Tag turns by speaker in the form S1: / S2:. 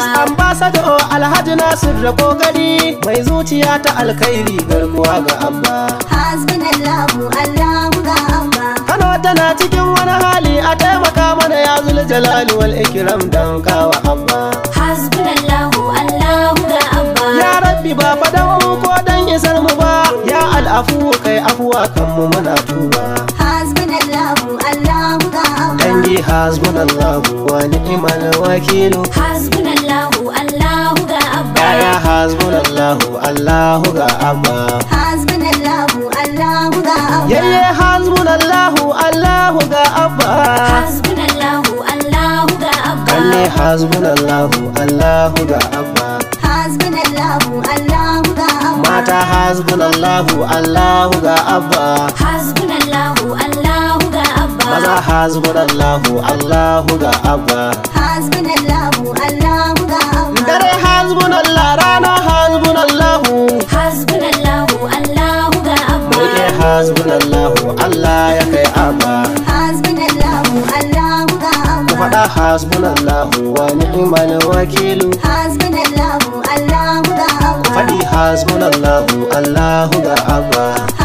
S1: Vice Ambassador Alhaji Nasir da kokari mai zuciya ta alkhairi garkuwa ga Abba.
S2: Hasbunallahu Allahu ga Abba. Kano tana
S1: cikin wani hali a taimaka mana ya zul jalali wal ikram dan kawa Abba.
S2: Hasbunallahu Allahu ga Abba. Ya
S1: Rabbi ba fadan ko dan isar mu ba ya al'afu kai afuwa kan mu mana tuba. hasbunallahu wa ni'mal wakilu
S2: hasbunallahu allahu ga abba ya
S1: hasbunallahu allahu ga abba
S2: hasbunallahu allahu ga abba yalle hasbunallahu allahu ga abba hasbunallahu allahu ga
S1: abba kalle hasbunallahu allahu ga abba hasbunallahu
S2: allahu ga abba mata
S1: hasbunallahu allahu ga abba
S2: hasbunallahu allahu
S1: hasbunallahu allahu Allahu ga abba
S2: hasbunallahu allahu Allahu ga abba dare hasbunallah rana hasbunallahu hasbunallahu allahu Allahu, ga abba
S1: muke Allahu, allah ya kai abba
S2: hasbunallahu allahu Allahu ga
S1: abba faɗa Allahu, wa ni'mal wakilu
S2: hasbunallahu allahu Allahu ga abba faɗi
S1: hasbunallahu allahu ga abba